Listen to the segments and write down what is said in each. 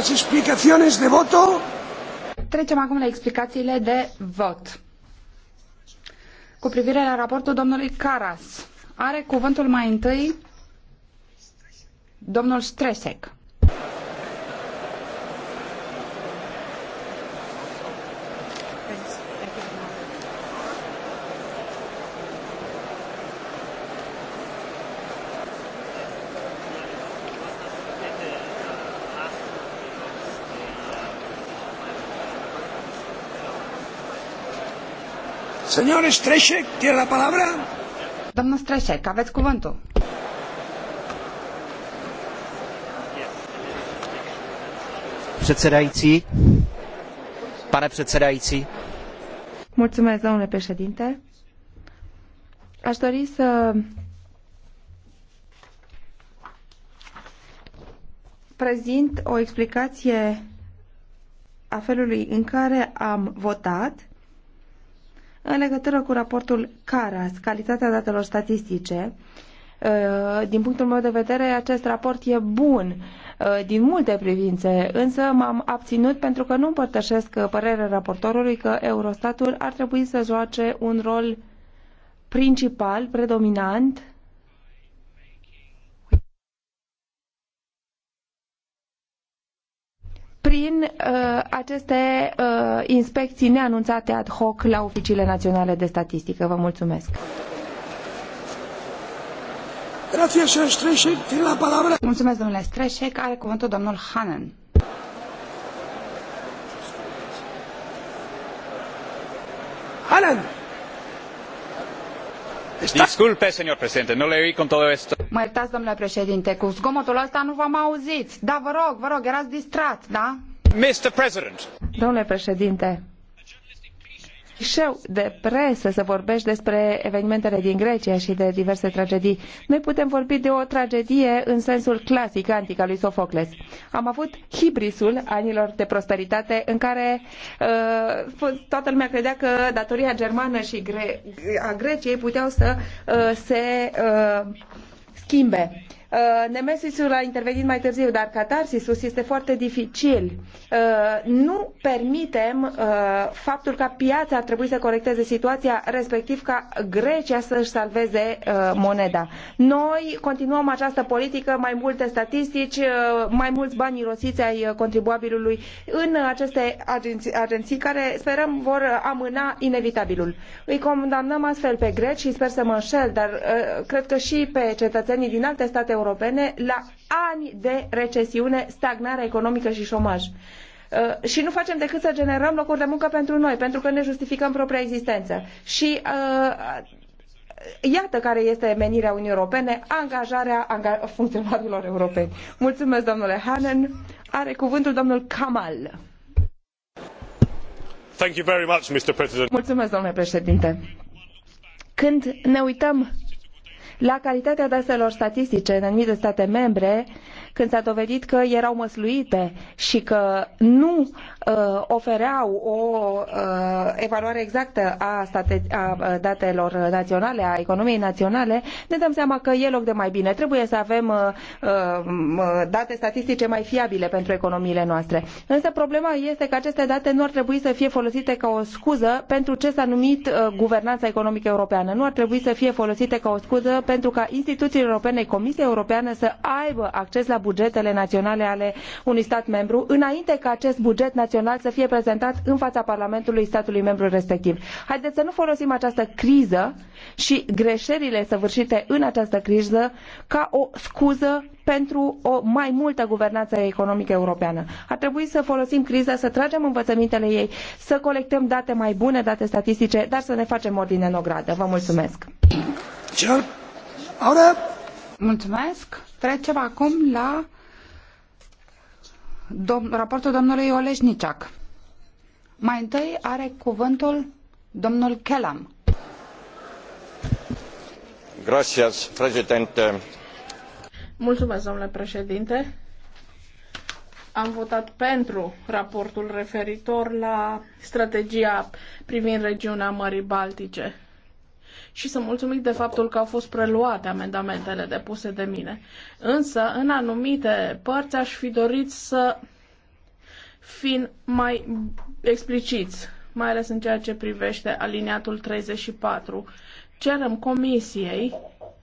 Las explicaciones de voto. Trecem acum la explicațiile de vot. Cu privire la raportul domnului Caras, are cuvântul mai întâi domnul Stresek. Señor Streșec, tiene la palabra? Domnul Streșec, aveți cuvântul. Předsedající, pane předsedající. Mulțumesc, domnule președinte. Aș dori să prezint o explicație a felului în care am votat în legătură cu raportul CARAS, calitatea datelor statistice, uh, din punctul meu de vedere, acest raport e bun uh, din multe privințe, însă m-am abținut pentru că nu împărtășesc uh, părerea raportorului că Eurostatul ar trebui să joace un rol principal, predominant, prin uh, aceste uh, inspecții neanunțate ad hoc la oficiile naționale de statistică. Vă mulțumesc. Mulțumesc, domnule Streșec. Are cuvântul domnul Hanen. Hanen! Disculpe, señor presidente, nu le oí con todo esto. Mă iertați, domnule președinte, cu zgomotul ăsta nu v-am auzit. Da, vă rog, vă rog, erați distrat, da? Mr. President. Domnule președinte, Șeu de presă să vorbești despre evenimentele din Grecia și de diverse tragedii. Noi putem vorbi de o tragedie în sensul clasic antic al lui Sofocles. Am avut hibrisul anilor de prosperitate în care uh, toată lumea credea că datoria germană și gre- a Greciei puteau să uh, se uh, schimbe Uh, Nemesisul a intervenit mai târziu, dar catarsisul este foarte dificil. Uh, nu permitem uh, faptul ca piața ar trebui să corecteze situația, respectiv ca Grecia să-și salveze moneda. Noi continuăm această politică, mai multe statistici, mai mulți bani irosiți ai contribuabilului în aceste agenții, agenții care sperăm vor amâna inevitabilul. Îi condamnăm astfel pe greci și sper să mă înșel, dar cred că și pe cetățenii din alte state europene la ani de recesiune, stagnare economică și șomaj. Uh, și nu facem decât să generăm locuri de muncă pentru noi, pentru că ne justificăm propria existență. Și uh, iată care este menirea Uniunii Europene, angajarea anga- funcționarilor europeni. Mulțumesc, domnule Hannan. Are cuvântul domnul Kamal. Thank you very much, Mr. Mulțumesc, domnule președinte. Când ne uităm la calitatea datelor statistice în anumite state membre, când s-a dovedit că erau măsluite și că nu Uh, ofereau o uh, evaluare exactă a, state, a uh, datelor naționale, a economiei naționale, ne dăm seama că e loc de mai bine. Trebuie să avem date statistice mai fiabile pentru economiile noastre. Însă problema este că aceste date nu ar trebui să fie folosite ca o scuză pentru ce s-a numit guvernanța economică europeană. Nu ar trebui să fie folosite ca o scuză pentru ca instituțiile europene, Comisia Europeană să aibă acces la bugetele naționale ale unui stat membru înainte ca acest buget național național să fie prezentat în fața Parlamentului statului membru respectiv. Haideți să nu folosim această criză și greșelile săvârșite în această criză ca o scuză pentru o mai multă guvernanță economică europeană. Ar trebui să folosim criza, să tragem învățămintele ei, să colectăm date mai bune, date statistice, dar să ne facem ordine în ogradă. Vă mulțumesc! Mulțumesc! Trecem acum la dom raportul domnului Oleșniciac. Mai întâi are cuvântul domnul Kelam. Gracias, președinte. Mulțumesc, domnule președinte. Am votat pentru raportul referitor la strategia privind regiunea Mării Baltice și sunt mulțumit de faptul că au fost preluate amendamentele depuse de mine. Însă, în anumite părți aș fi dorit să fim mai expliciți, mai ales în ceea ce privește aliniatul 34. Cerem comisiei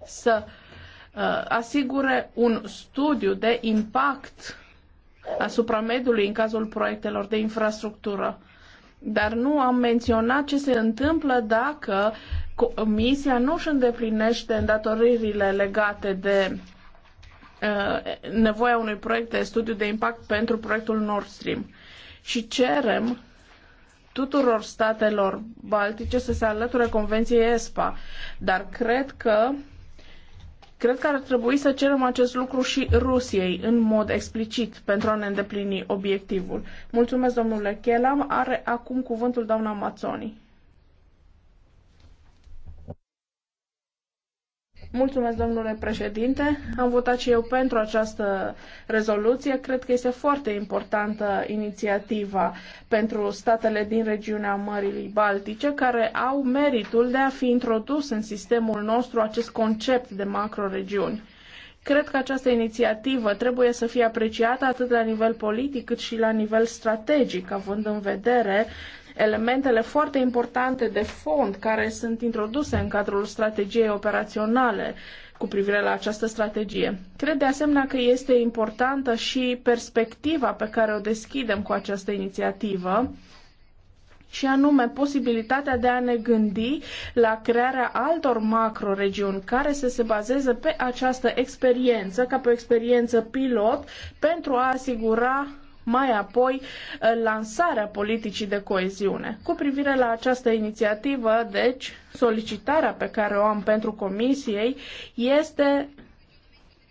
să uh, asigure un studiu de impact asupra mediului în cazul proiectelor de infrastructură. Dar nu am menționat ce se întâmplă dacă Comisia nu își îndeplinește îndatoririle legate de uh, nevoia unui proiect de studiu de impact pentru proiectul Nord Stream și cerem tuturor statelor baltice să se alăture Convenției ESPA, dar cred că Cred că ar trebui să cerem acest lucru și Rusiei în mod explicit pentru a ne îndeplini obiectivul. Mulțumesc, domnule Chelam. Are acum cuvântul doamna Mazzoni. Mulțumesc, domnule președinte. Am votat și eu pentru această rezoluție. Cred că este foarte importantă inițiativa pentru statele din regiunea Mării Baltice, care au meritul de a fi introdus în sistemul nostru acest concept de macroregiuni. Cred că această inițiativă trebuie să fie apreciată atât la nivel politic cât și la nivel strategic, având în vedere elementele foarte importante de fond care sunt introduse în cadrul strategiei operaționale cu privire la această strategie. Cred de asemenea că este importantă și perspectiva pe care o deschidem cu această inițiativă și anume posibilitatea de a ne gândi la crearea altor macroregiuni care să se bazeze pe această experiență, ca pe o experiență pilot, pentru a asigura mai apoi eh, lansarea politicii de coeziune. Cu privire la această inițiativă, deci, solicitarea pe care o am pentru comisiei este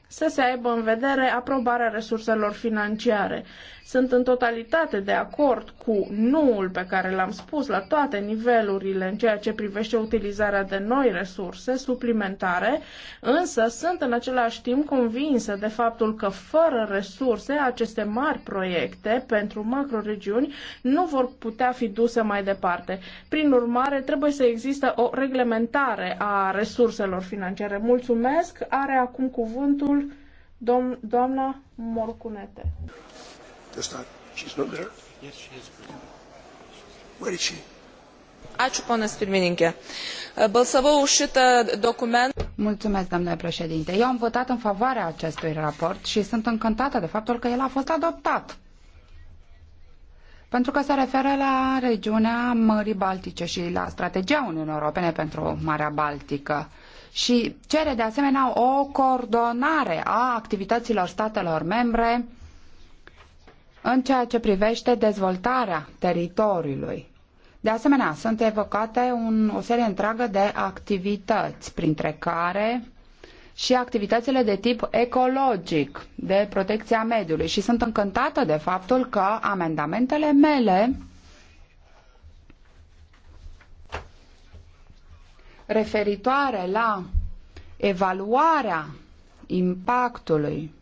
să se aibă în vedere aprobarea resurselor financiare. Sunt în totalitate de acord cu nuul pe care l-am spus la toate nivelurile în ceea ce privește utilizarea de noi resurse suplimentare, însă sunt în același timp convinsă de faptul că fără resurse aceste mari proiecte pentru macroregiuni nu vor putea fi duse mai departe. Prin urmare, trebuie să există o reglementare a resurselor financiare. Mulțumesc! Are acum cuvântul dom- doamna Morcunete balsavau už šitą dokumentą. Mulțumesc, domnule președinte. Eu am votat în favoarea acestui raport și sunt încântată de faptul că el a fost adoptat. Pentru că se referă la regiunea Mării Baltice și la strategia Uniunii Europene pentru Marea Baltică și cere de asemenea o coordonare a activităților statelor membre în ceea ce privește dezvoltarea teritoriului. De asemenea, sunt evocate un, o serie întreagă de activități, printre care și activitățile de tip ecologic, de protecția mediului. Și sunt încântată de faptul că amendamentele mele referitoare la evaluarea impactului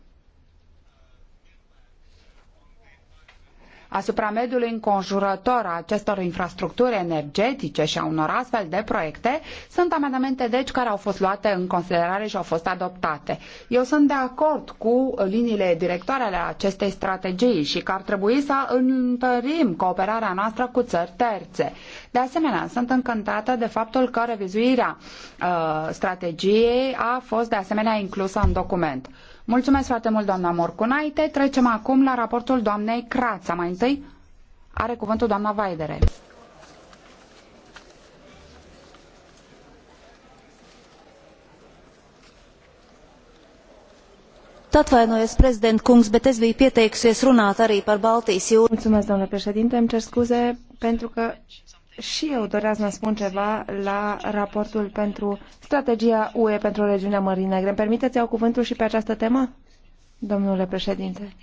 asupra mediului înconjurător a acestor infrastructuri energetice și a unor astfel de proiecte sunt amendamente deci care au fost luate în considerare și au fost adoptate. Eu sunt de acord cu liniile directoare ale acestei strategii și că ar trebui să întărim cooperarea noastră cu țări terțe. De asemenea, sunt încântată de faptul că revizuirea uh, strategiei a fost de asemenea inclusă în document. Mulțumesc foarte mult, doamna Morcunaite. Trecem acum la raportul doamnei Crața. Mai întâi are cuvântul doamna Vaidere. atvainojos prezident kungs bet es biju pieteikusies runāt arī par baltijas jūru. Mulțumesc, domnule președinte, îmi cer scuze pentru că și eu doream să spun ceva la raportul pentru strategia UE pentru regiunea Mării Negre. Îmi permiteți iau cuvântul și pe această temă, domnule președinte?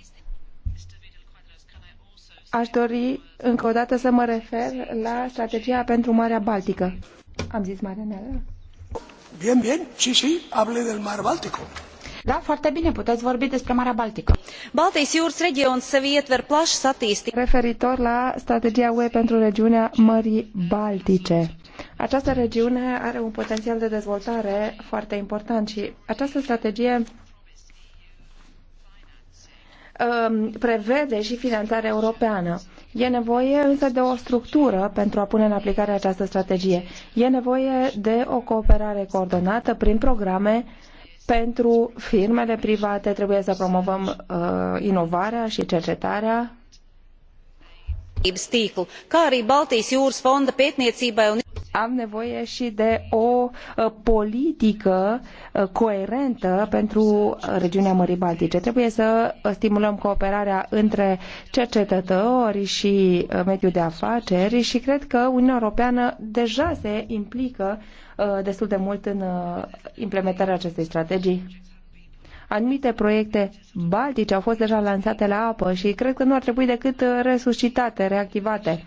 Aș dori încă o dată să mă refer la strategia pentru Marea Baltică. Am zis Marea Neagră. Bien, bien, sí, sí, hable del Mar Báltico. Da, foarte bine, puteți vorbi despre Marea Baltică. Baltijas jūras reģions sevi ietver plaș statistic. Referitor la strategia UE pentru regiunea Mării Baltice. Această regiune are un potențial de dezvoltare foarte important și această strategie um, prevede și finanțare europeană. E nevoie însă de o structură pentru a pune în aplicare această strategie. E nevoie de o cooperare coordonată prin programe uh, pentru firmele private trebuie să promovăm uh, inovarea și cercetarea. am nevoie și de o uh, politică uh, coerentă pentru regiunea Mării Baltice. Trebuie să uh, stimulăm cooperarea între cercetători și mediul de afaceri și cred că Uniunea Europeană deja se implică Uh, destul de mult în uh, implementarea acestei strategii. Anumite proiecte baltice au fost deja lansate la apă și cred că nu ar trebui decât uh, resuscitate, reactivate.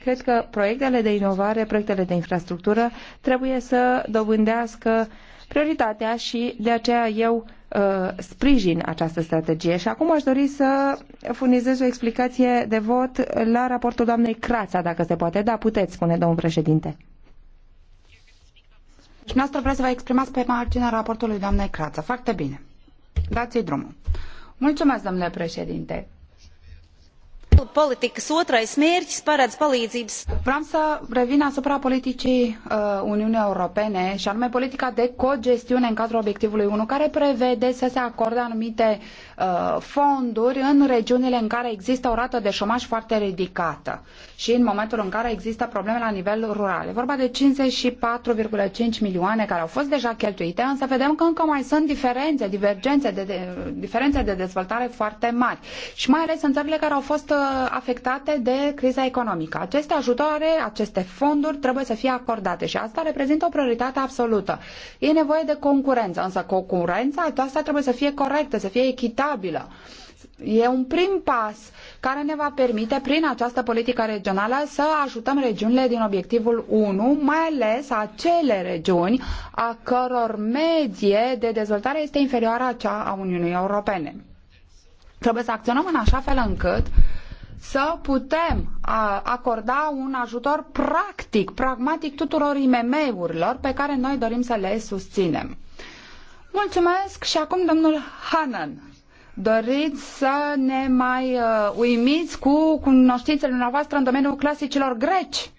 Cred că proiectele de inovare, proiectele de infrastructură trebuie să dobândească prioritatea și de aceea eu uh, sprijin această strategie. Și acum aș dori să furnizez o explicație de vot la raportul doamnei Crața, dacă se poate. Da, puteți, spune domnul președinte. Și noastră vreți să vă exprimați pe marginea raportului doamnei Crață. Foarte bine. Dați-i drumul. Mulțumesc, domnule președinte politikas otrais mērķis paredz palīdzības. Vreau să revin asupra politicii uh, Uniunii Europene și anume politica de cogestiune în cadrul obiectivului 1 care prevede să se acorde anumite uh, fonduri în regiunile în care există o rată de șomaj foarte ridicată și în momentul în care există probleme la nivel rural. E vorba de 54,5 milioane care au fost deja cheltuite, însă vedem că încă mai sunt diferențe, divergențe de, de, diferențe de dezvoltare foarte mari și mai ales în țările care au fost uh, afectate de criza economică. Aceste ajutoare, aceste fonduri trebuie să fie acordate și asta reprezintă o prioritate absolută. E nevoie de concurență, însă concurența aceasta trebuie să fie corectă, să fie echitabilă. E un prim pas care ne va permite, prin această politică regională, să ajutăm regiunile din obiectivul 1, mai ales acele regiuni a căror medie de dezvoltare este inferioară a cea a Uniunii Europene. Trebuie să acționăm în așa fel încât să putem acorda un ajutor practic, pragmatic tuturor IMM-urilor pe care noi dorim să le susținem. Mulțumesc și acum domnul Hanan. Doriți să ne mai uh, uimiți cu cunoștințele noastre în domeniul clasicilor greci?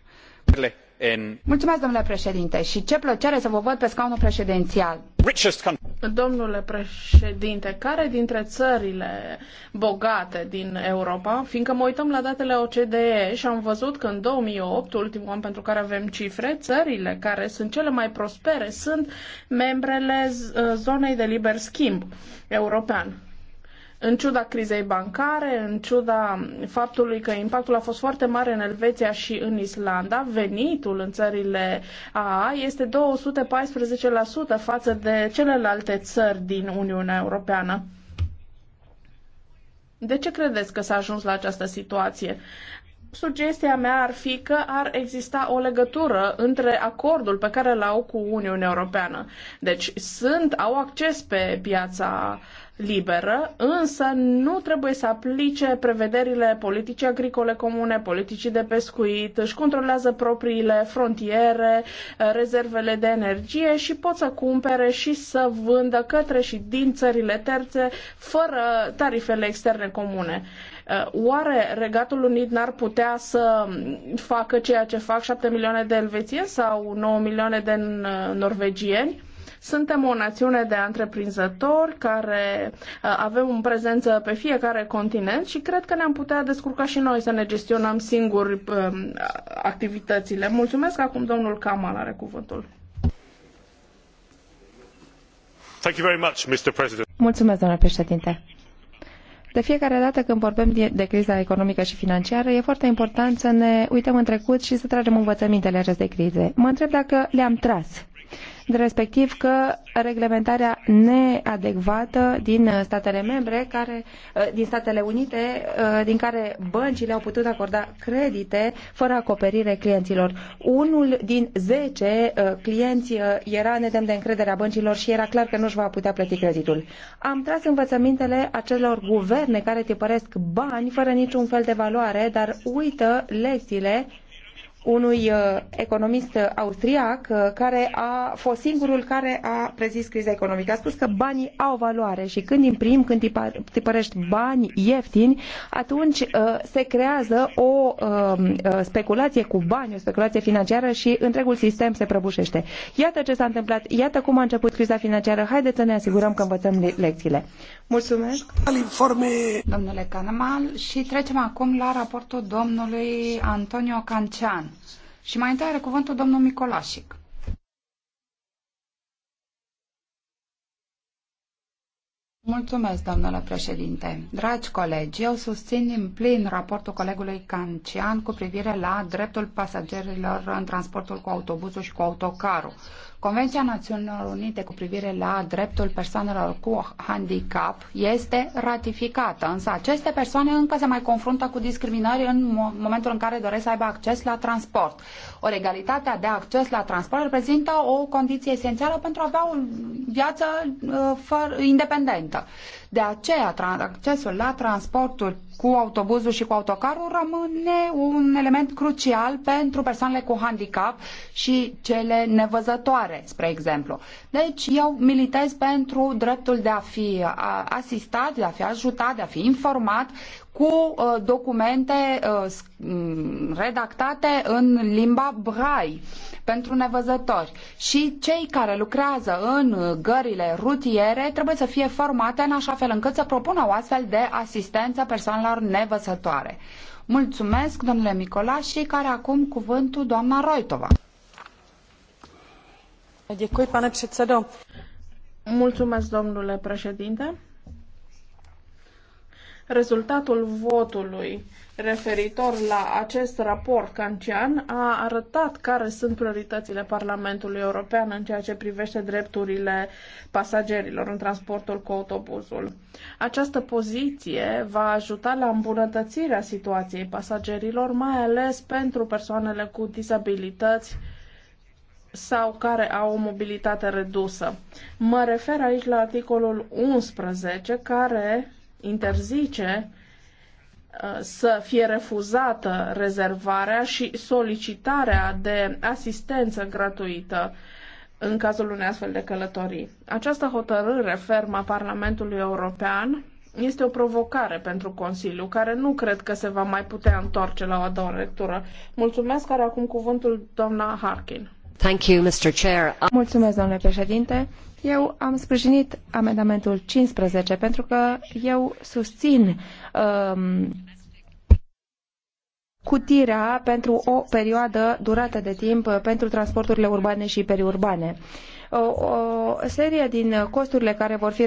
În... Mulțumesc, domnule președinte, și ce plăcere să vă văd pe scaunul președințial. Domnule președinte, care dintre țările bogate din Europa, fiindcă mă uităm la datele OCDE și am văzut că în 2008, ultimul an pentru care avem cifre, țările care sunt cele mai prospere sunt membrele zonei de liber schimb european. În ciuda crizei bancare, în ciuda faptului că impactul a fost foarte mare în Elveția și în Islanda, venitul în țările AA este 214% față de celelalte țări din Uniunea Europeană. De ce credeți că s-a ajuns la această situație? Sugestia mea ar fi că ar exista o legătură între acordul pe care îl au cu Uniunea Europeană. Deci sunt, au acces pe piața liberă, însă nu trebuie să aplice prevederile politicii agricole comune, politicii de pescuit, își controlează propriile frontiere, rezervele de energie și pot să cumpere și să vândă către și din țările terțe fără tarifele externe comune. Uh, oare Regatul Unit n-ar putea să facă ceea ce fac 7 milioane de elvețieni sau 9 milioane de norvegieni? Suntem o națiune de antreprinzători care uh, avem în prezență pe fiecare continent și cred că ne-am putea descurca și noi să ne gestionăm singuri um, activitățile. Mulțumesc acum domnul Kamal are cuvântul. Mulțumesc, domnule președinte. De fiecare dată când vorbim de, criza economică și financiară, e foarte important să ne uităm în trecut și să tragem învățămintele acestei crize. Mă întreb dacă le-am tras respectiv că reglementarea neadecvată din statele membre, care, eh, din Statele Unite, eh, din care băncile au putut acorda credite fără acoperire clienților. Unul din zece eh, clienți era nedemn de încredere a băncilor și era clar că nu își va putea plăti creditul. Am tras învățămintele acelor guverne care tipăresc bani fără niciun fel de valoare, dar uită lecțiile unui uh, economist austriac uh, care a fost singurul care a prezis criza economică. A spus că banii au valoare și când imprim, când tipărești bani ieftini, atunci uh, se creează o um, speculație cu bani, o speculație financiară și întregul sistem se prăbușește. Iată ce s-a întâmplat, iată cum a început criza financiară. Haideți să ne asigurăm că învățăm lecțiile. Mulțumesc. Domnule Canemal și trecem acum la raportul domnului Antonio Cancian. Și mai întâi are cuvântul domnul Micolașic. Mulțumesc, domnule președinte. Dragi colegi, eu susțin în plin raportul colegului Cancian cu privire la dreptul pasagerilor în transportul cu autobuzul și cu autocarul. Convenția Națiunilor Unite cu privire la dreptul persoanelor cu handicap este ratificată, însă aceste persoane încă se mai confruntă cu discriminări în momentul în care doresc să aibă acces la transport. O egalitatea de acces la transport reprezintă o condiție esențială pentru a avea o viață uh, independentă alta. De aceea, accesul la transportul cu autobuzul și cu autocarul rămâne un element crucial pentru persoanele cu handicap și cele nevăzătoare, spre exemplu. Deci, eu militez pentru dreptul de a fi asistat, de a fi ajutat, de a fi informat cu uh, documente uh, mm, redactate în limba brai pentru nevăzători. Și cei care lucrează în gările rutiere trebuie să fie formate în așa fel încât să propună o astfel de asistență persoanelor nevăsătoare. Mulțumesc, domnule Micola, și care acum cuvântul doamna Roitova. pane Mulțumesc, domnule președinte. Rezultatul votului referitor la acest raport cancian a arătat care sunt prioritățile Parlamentului European în ceea ce privește drepturile pasagerilor în transportul cu autobuzul. Această poziție va ajuta la îmbunătățirea situației pasagerilor, mai ales pentru persoanele cu dizabilități sau care au o mobilitate redusă. Mă refer aici la articolul 11 care interzice uh, să fie refuzată rezervarea și solicitarea de asistență gratuită în cazul unei astfel de călătorii. Această hotărâre fermă a Parlamentului European este o provocare pentru Consiliu, care nu cred că se va mai putea întoarce la o a doua lectură. Mulțumesc, are acum cuvântul doamna Harkin. Thank you, Mr. Chair. Mulțumesc, domnule președinte. Eu am sprijinit amendamentul 15 pentru că eu susțin um, cutirea pentru o perioadă durată de timp uh, pentru transporturile urbane și periurbane. Uh, o serie din costurile care vor fi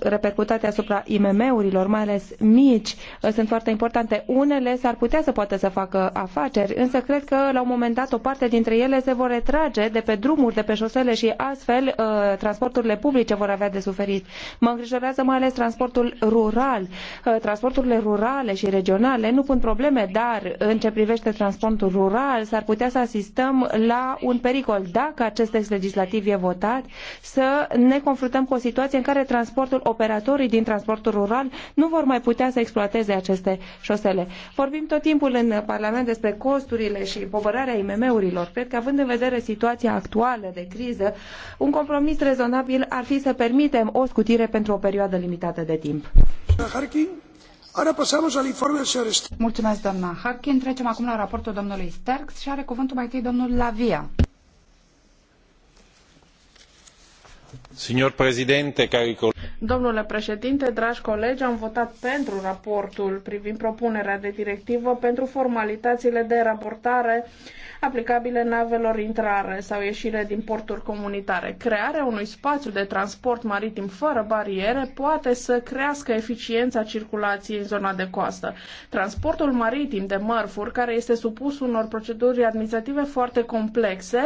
repercutate asupra IMM-urilor, mai ales mici, sunt foarte importante. Unele s-ar putea să poată să facă afaceri, însă cred că la un moment dat o parte dintre ele se vor retrage de pe drumuri, de pe șosele și astfel uh, transporturile publice vor avea de suferit. Mă îngrijorează mai ales transportul rural. Uh, transporturile rurale și regionale nu pun probleme, dar în ce privește transportul rural s-ar putea să asistăm la un pericol dacă acest text legislativ e vor votat, să ne confruntăm cu o situație în care transportul, operatorii din transportul rural nu vor mai putea să exploateze aceste șosele. Vorbim tot timpul în Parlament despre costurile și povărarea IMM-urilor. Cred că având în vedere situația actuală de criză, un compromis rezonabil ar fi să permitem o scutire pentru o perioadă limitată de timp. Mulțumesc, doamna Harkin. Trecem acum la raportul domnului Sterks și are cuvântul mai întâi domnul Lavia. Domnule președinte, dragi colegi, am votat pentru raportul privind propunerea de directivă pentru formalitățile de raportare aplicabile navelor intrare sau ieșire din porturi comunitare. Crearea unui spațiu de transport maritim fără bariere poate să crească eficiența circulației în zona de coastă. Transportul maritim de mărfuri, care este supus unor proceduri administrative foarte complexe,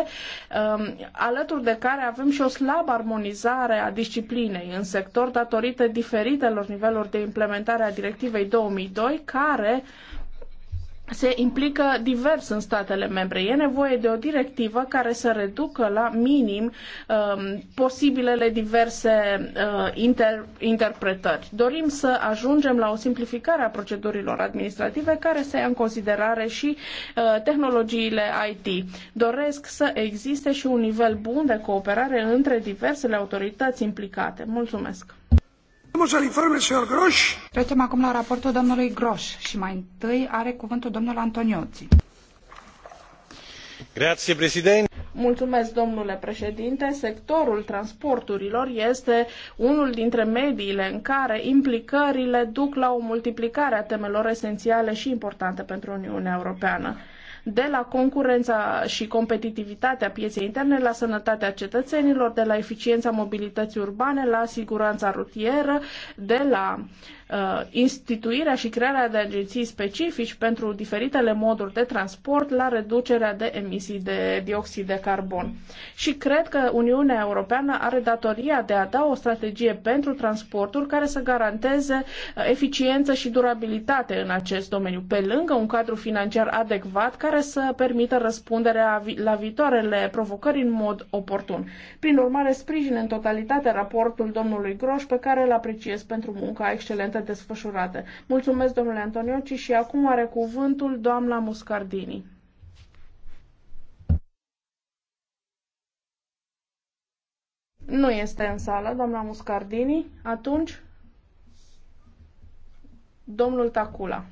um, alături de care avem și o slabă armonizare armonizare a disciplinei în sector datorită diferitelor niveluri de implementare a directivei 2002, care se implică divers în statele membre. E nevoie de o directivă care să reducă la minim um, posibilele diverse uh, inter interpretări. Dorim să ajungem la o simplificare a procedurilor administrative care să ia în considerare și uh, tehnologiile IT. Doresc să existe și un nivel bun de cooperare între diversele autorități implicate. Mulțumesc! Trecem acum la raportul domnului Grosch și mai întâi are cuvântul domnul Antonioții. Grazie, președinte. Mulțumesc, domnule președinte. Sectorul transporturilor este unul dintre mediile în care implicările duc la o multiplicare a temelor esențiale și importante pentru Uniunea Europeană de la concurența și competitivitatea pieței interne la sănătatea cetățenilor, de la eficiența mobilității urbane la siguranța rutieră, de la uh, uh, instituirea și crearea de agenții specifici pentru diferitele moduri de transport la reducerea de emisii de dioxid de carbon. Și cred că Uniunea Europeană are datoria de a da o strategie pentru transportul care să garanteze uh, eficiență și durabilitate în acest domeniu, pe lângă un cadru financiar adecvat care să permită răspunderea la viitoarele provocări în mod oportun. Prin urmare, sprijin în totalitate raportul domnului Groș, pe care îl apreciez pentru munca excelentă desfășurate. Mulțumesc, domnule Antonioci, și acum are cuvântul doamna Muscardini. Nu este în sală, doamna Muscardini. Atunci, domnul Tacula.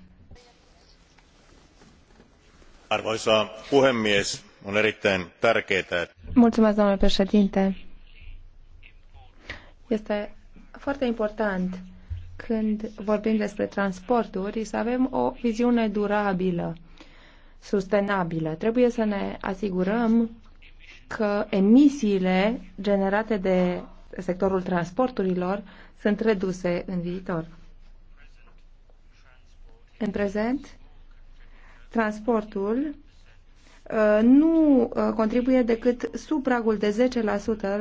Arvoisa puhemies, on erittäin tärkeää. Mulțumesc, domnule președinte. Este foarte important când vorbim despre transporturi, să avem o viziune durabilă, sustenabilă. Trebuie să ne asigurăm că emisiile generate de sectorul transporturilor sunt reduse în viitor. În prezent, transportul Uh, nu uh, contribuie decât sub pragul de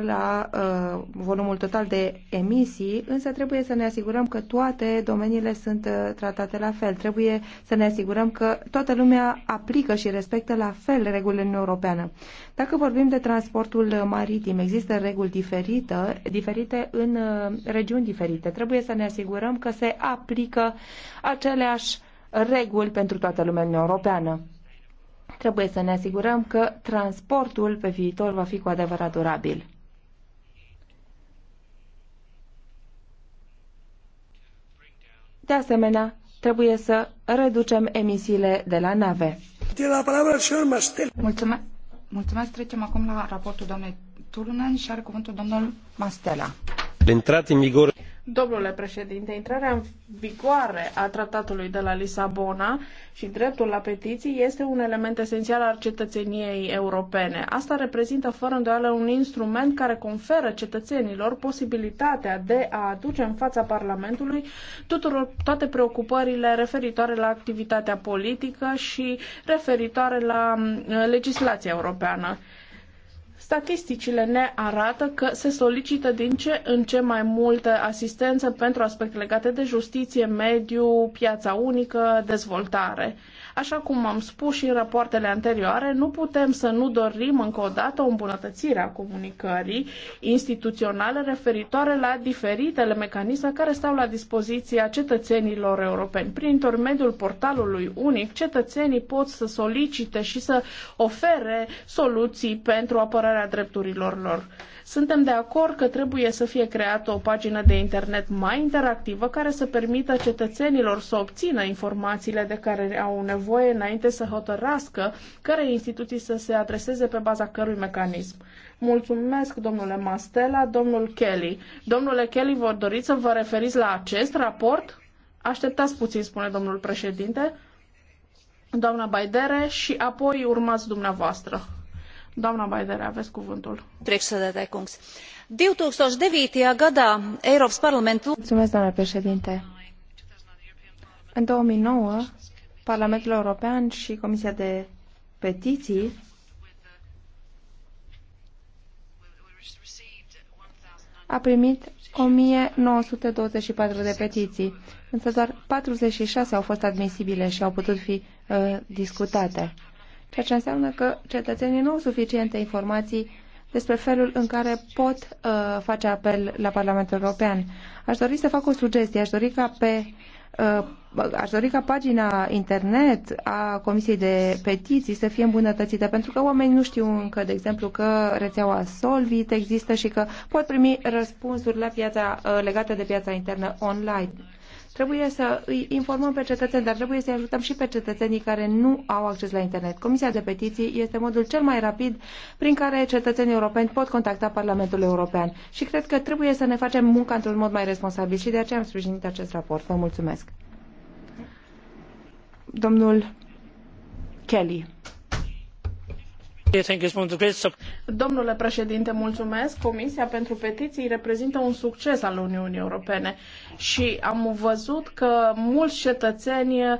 10% la uh, volumul total de emisii, însă trebuie să ne asigurăm că toate domeniile sunt tratate la fel. Trebuie să ne asigurăm că toată lumea aplică și respectă la fel regulile în europeană. Dacă vorbim de transportul maritim, există reguli diferite, diferite în regiuni diferite. Trebuie să ne asigurăm că se aplică aceleași reguli pentru toată lumea în europeană. Trebuie să ne asigurăm că transportul pe viitor va fi cu adevărat durabil. De asemenea, trebuie să reducem emisiile de la nave. De la Mulțumesc. Mulțumesc. Trecem acum la raportul doamnei Turunen și are cuvântul domnul Mastela. Intrat în vigor. Domnule președinte, intrarea în vigoare a tratatului de la Lisabona și dreptul la petiții este un element esențial al cetățeniei europene. Asta reprezintă fără îndoială un instrument care conferă cetățenilor posibilitatea de a aduce în fața Parlamentului tuturor toate preocupările referitoare la activitatea politică și referitoare la mm, legislația europeană. Statisticile ne arată că se solicită din ce în ce mai multă asistență pentru aspecte legate de justiție, mediu, piața unică, dezvoltare. Așa cum am spus și în rapoartele anterioare, nu putem să nu dorim încă o dată o îmbunătățire a comunicării instituționale referitoare la diferitele mecanisme care stau la dispoziția cetățenilor europeni. Prin intermediul portalului unic, cetățenii pot să solicite și să ofere soluții pentru apărarea drepturilor lor. Suntem de acord că trebuie să fie creată o pagină de internet mai interactivă care să permită cetățenilor să obțină informațiile de care au nevoie nevoie înainte să hotărască care instituții să se adreseze pe baza cărui mecanism. Mulțumesc, domnule Mastela, domnul Kelly. Domnule Kelly, vă doriți să vă referiți la acest raport? Așteptați puțin, spune domnul președinte, doamna Baidere, și apoi urmați dumneavoastră. Doamna Baidere, aveți cuvântul. Priekšsēdētājkungs. 2009. Gada, Eiropas Parliament. Mulțumesc, doamna președinte. În 2009, Parlamentul European și Comisia de Petiții a primit 1924 de petiții, însă doar 46 au fost admisibile și au putut fi uh, discutate, ceea ce înseamnă că cetățenii nu au suficiente informații despre felul în care pot uh, face apel la Parlamentul European. Aș dori să fac o sugestie, aș dori ca pe Uh, aș dori ca pagina internet a Comisiei de Petiții să fie îmbunătățită, pentru că oamenii nu știu încă, de exemplu, că rețeaua Solvit există și că pot primi răspunsuri la piața, uh, legate de piața internă online. Trebuie să îi informăm pe cetățeni, dar trebuie să-i ajutăm și pe cetățenii care nu au acces la internet. Comisia de petiții este modul cel mai rapid prin care cetățenii europeni pot contacta Parlamentul European și cred că trebuie să ne facem munca într-un mod mai responsabil și de aceea am sprijinit acest raport. Vă mulțumesc. Domnul Kelly. Domnule președinte, mulțumesc. Comisia pentru petiții reprezintă un succes al Uniunii Europene și am văzut că mulți cetățeni uh,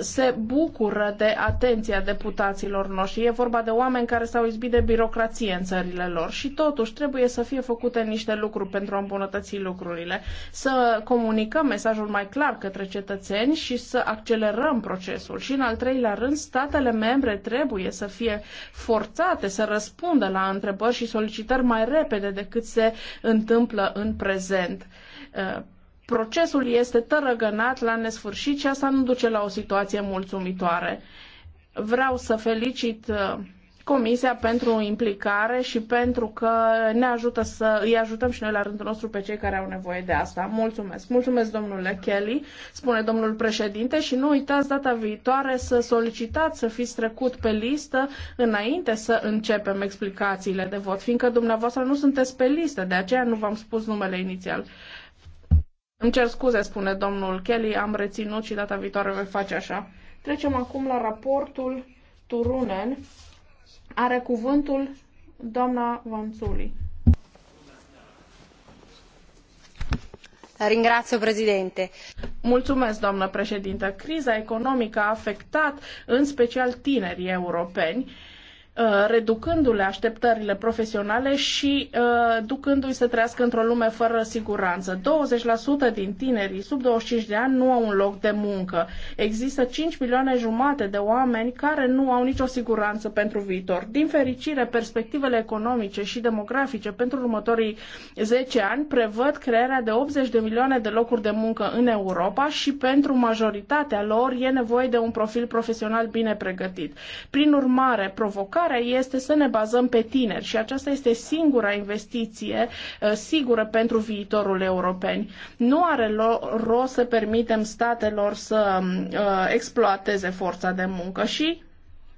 se bucură de atenția deputaților noștri. E vorba de oameni care s-au izbit de birocrație în țările lor și totuși trebuie să fie făcute niște lucruri pentru a îmbunătăți lucrurile, să comunicăm mesajul mai clar către cetățeni și să accelerăm procesul. Și în al treilea rând, statele membre trebuie să fie forțate să răspundă la întrebări și solicitări mai repede decât se întâmplă în prezent uh, procesul este tărăgănat la nesfârșit și asta nu duce la o situație mulțumitoare. Vreau să felicit uh, Comisia pentru implicare și pentru că ne ajută să îi ajutăm și noi la rândul nostru pe cei care au nevoie de asta. Mulțumesc. Mulțumesc, domnule Kelly, spune domnul președinte și nu uitați data viitoare să solicitați să fiți trecut pe listă înainte să începem explicațiile de vot, fiindcă dumneavoastră nu sunteți pe listă, de aceea nu v-am spus numele inițial. Îmi cer scuze, spune domnul Kelly, am reținut și data viitoare voi face așa. Trecem acum la raportul Turunen. Are cuvântul doamna Vanzuli. Ringrazio, președinte. Mulțumesc, doamnă președintă. Criza economică a afectat în special tinerii europeni Uh, reducându-le așteptările profesionale și uh, ducându-i să trăiască într-o lume fără siguranță. 20% din tinerii sub 25 de ani nu au un loc de muncă. Există 5 milioane jumate de oameni care nu au nicio siguranță pentru viitor. Din fericire, perspectivele economice și demografice pentru următorii 10 ani prevăd crearea de 80 de milioane de locuri de muncă în Europa și pentru majoritatea lor e nevoie de un profil profesional bine pregătit. Prin urmare, provocarea provocarea este să ne bazăm pe tineri și aceasta este singura investiție uh, sigură pentru viitorul europeni. Nu are rost să permitem statelor să um, uh, exploateze forța de muncă și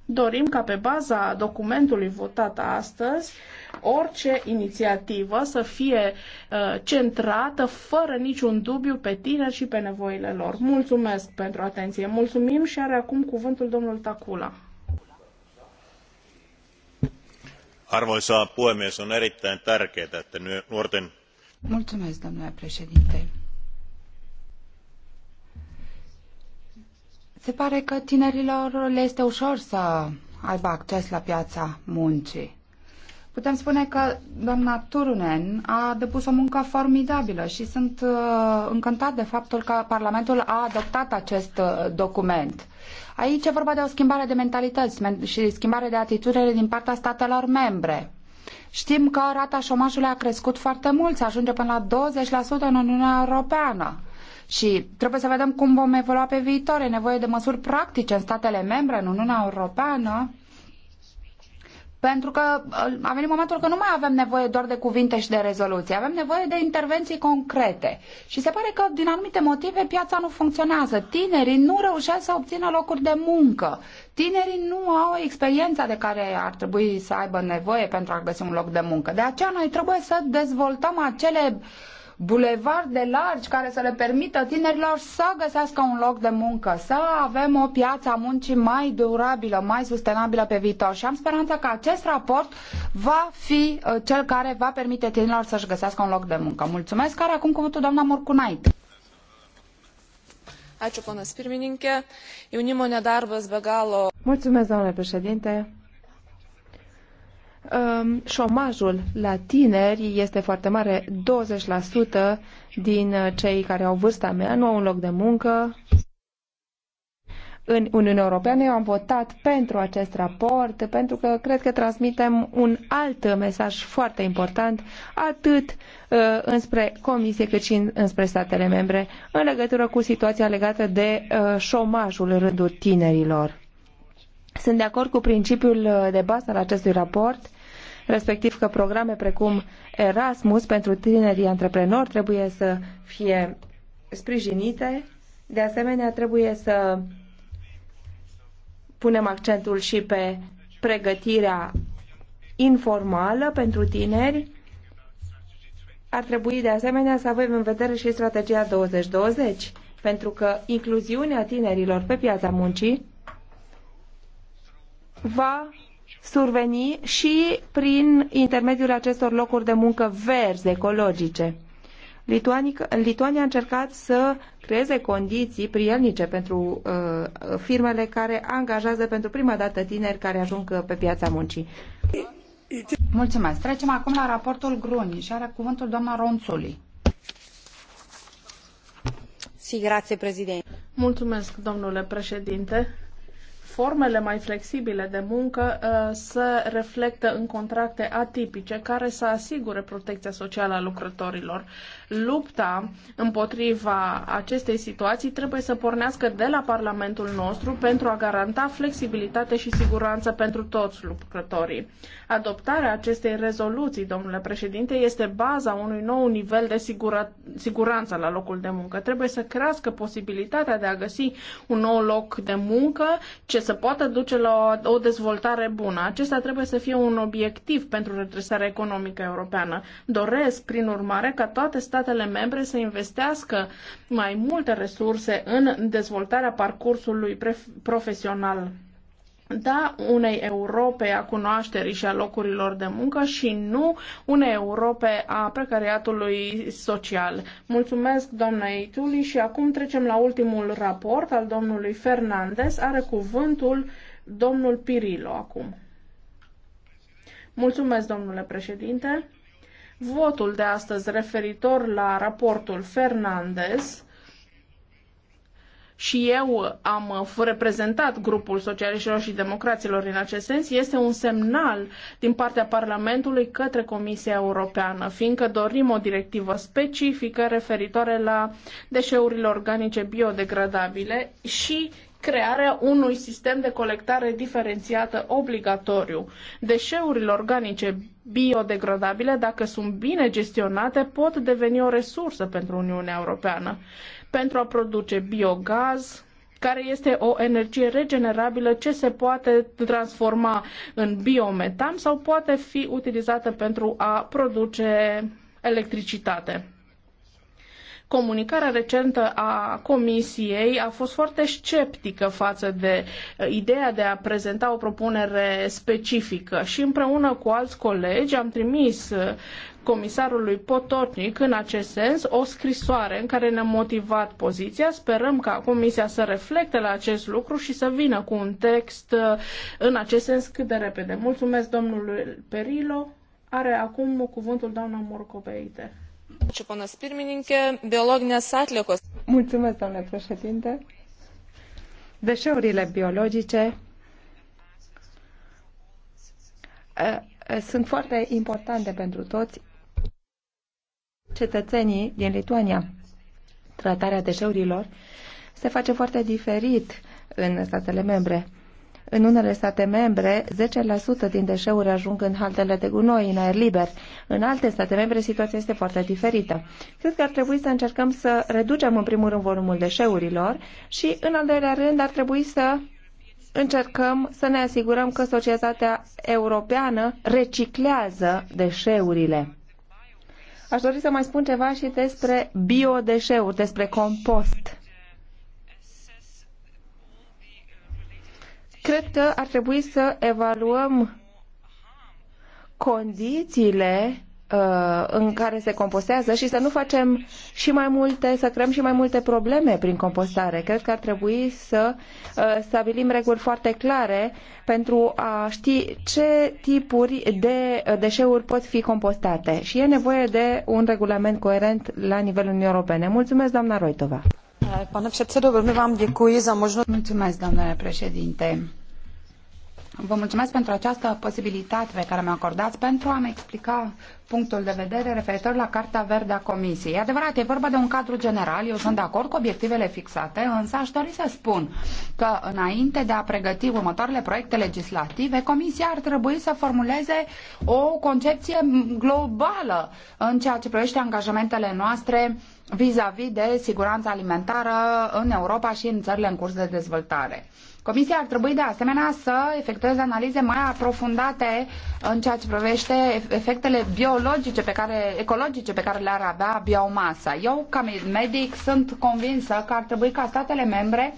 Dorim ca pe baza documentului votat astăzi, orice inițiativă să fie uh, centrată fără niciun dubiu pe tineri și pe nevoile lor. Mulțumesc pentru atenție. Mulțumim și are acum cuvântul domnul Tacula. arvoisa puhemies on erittäin tärkeää että nuorten domnule Se pare că tinerilor le este ușor să aibă acces la piața muncii. Putem spune că doamna Turunen a depus o muncă formidabilă și sunt uh, încântat de faptul că Parlamentul a adoptat acest uh, document. Aici e vorba de o schimbare de mentalități și schimbare de atitudine din partea statelor membre. Știm că rata șomajului a crescut foarte mult, se ajunge până la 20% în Uniunea Europeană. Și trebuie să vedem cum vom evolua pe viitor. E nevoie de măsuri practice în statele membre, în Uniunea Europeană, pentru că uh, a venit momentul că nu mai avem nevoie doar de cuvinte și de rezoluții, avem nevoie de intervenții concrete. Și se pare că, din anumite motive, piața nu funcționează. Tinerii nu reușesc să obțină locuri de muncă. Tinerii nu au experiența de care ar trebui să aibă nevoie pentru a găsi un loc de muncă. De aceea noi trebuie să dezvoltăm acele uh, bulevarde largi care să le permită tinerilor să găsească un loc de muncă, să avem o piață a muncii mai durabilă, mai sustenabilă pe viitor. Și am speranța că acest raport va fi uh, cel care va permite tinerilor să-și găsească un loc de muncă. Mulțumesc, care acum cuvântul doamna Morcunait. Ačiū, ponas pirmininkė. Jaunimo nedarbas be galo. Mulțumesc, doamne președinte. Um, șomajul la tineri este foarte mare, 20% din uh, cei care au vârsta mea nu au un loc de muncă. În Uniunea Europeană eu am votat pentru acest raport pentru că cred că transmitem un alt mesaj foarte important atât uh, înspre Comisie cât și înspre statele membre în legătură cu situația legată de uh, șomajul în rândul tinerilor. Sunt de acord cu principiul uh, de bază al acestui raport respectiv că programe precum Erasmus pentru tinerii antreprenori trebuie să fie sprijinite. De asemenea, trebuie să punem accentul și pe pregătirea informală pentru tineri. Ar trebui de asemenea să avem în vedere și strategia 2020, pentru că incluziunea tinerilor pe piața muncii va surveni și prin intermediul acestor locuri de muncă verzi, ecologice. Lituanica, Lituania a încercat să creeze condiții prielnice pentru uh, firmele care angajează pentru prima dată tineri care ajung pe piața muncii. Mulțumesc. Trecem acum la raportul Gruni și are cuvântul doamna Ronțuli. Si, grație, Mulțumesc, domnule președinte formele mai flexibile de muncă uh, să reflectă în contracte atipice care să asigure protecția socială a lucrătorilor. Lupta împotriva acestei situații trebuie să pornească de la Parlamentul nostru pentru a garanta flexibilitate și siguranță pentru toți lucrătorii. Adoptarea acestei rezoluții, domnule președinte, este baza unui nou nivel de sigura- siguranță la locul de muncă. Trebuie să crească posibilitatea de a găsi un nou loc de muncă ce să poată duce la o, o dezvoltare bună. Acesta trebuie să fie un obiectiv pentru redresarea economică europeană. Doresc, prin urmare, ca toate statele membre să investească mai multe resurse în dezvoltarea parcursului profesional da unei Europe a cunoașterii și a locurilor de muncă și nu unei Europe a precariatului social. Mulțumesc, doamna Ituli, și acum trecem la ultimul raport al domnului Fernandez. Are cuvântul domnul Pirilo acum. Mulțumesc, domnule președinte. Votul de astăzi referitor la raportul Fernandez și eu am reprezentat grupul socialiștilor și democraților în acest sens, este un semnal din partea Parlamentului către Comisia Europeană, fiindcă dorim o directivă specifică referitoare la deșeurile organice biodegradabile și crearea unui sistem de colectare diferențiată obligatoriu. Deșeurile organice biodegradabile, dacă sunt bine gestionate, pot deveni o resursă pentru Uniunea Europeană pentru a produce biogaz, care este o energie regenerabilă ce se poate transforma în biometan sau poate fi utilizată pentru a produce electricitate. Comunicarea recentă a Comisiei a fost foarte sceptică față de uh, ideea de a prezenta o propunere specifică și împreună cu alți colegi am trimis uh, comisarului Potornic în acest sens o scrisoare în care ne-a motivat poziția. Sperăm ca comisia să reflecte la acest lucru și să vină cu un text uh, în acest sens cât de repede. Mulțumesc domnului Perilo. Are acum cuvântul doamna Morcopeite. Mulțumesc, domnule președinte. Deșeurile biologice sunt foarte importante pentru toți cetățenii din Lituania. Tratarea deșeurilor se face foarte diferit în statele membre. În unele state membre, 10% din deșeuri ajung în haltele de gunoi, în aer liber. În alte state membre, situația este foarte diferită. Cred că ar trebui să încercăm să reducem, în primul rând, volumul deșeurilor și, în al doilea rând, ar trebui să încercăm să ne asigurăm că societatea europeană reciclează deșeurile. Aș dori să mai spun ceva și despre biodeșeuri, despre compost. Cred că ar trebui să evaluăm condițiile uh, în care se compostează și să nu facem și mai multe, să creăm și mai multe probleme prin compostare. Cred că ar trebui să uh, stabilim reguli foarte clare pentru a ști ce tipuri de deșeuri pot fi compostate și e nevoie de un regulament coerent la nivelul Uniunii Europene. Mulțumesc, doamna Roitova! Pane předsedo, velmi vám děkuji za možnost... Mulțumesc, domnule președinte. Vă mulțumesc pentru această posibilitate pe care mi-o acordați pentru a-mi explica punctul de vedere referitor la Carta Verde a Comisiei. E adevărat, e vorba de un cadru general, eu sunt de acord cu obiectivele fixate, însă aș dori să spun că înainte de a pregăti următoarele proiecte legislative, Comisia ar trebui să formuleze o concepție globală în ceea ce privește angajamentele noastre uh, vis-a-vis -vis de siguranța alimentară în Europa și în țările în curs de dezvoltare. Comisia ar trebui de asemenea să efectueze analize mai aprofundate în ceea ce privește efectele biologice pe care, ecologice pe care le-ar avea biomasa. Eu, ca medic, sunt convinsă că ar trebui ca statele membre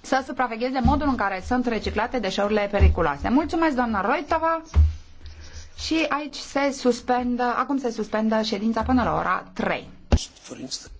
să supravegheze modul în care sunt reciclate deșeurile periculoase. Mulțumesc, doamna Roitova! Și aici se suspendă, acum se suspendă ședința până la ora 3 for instance.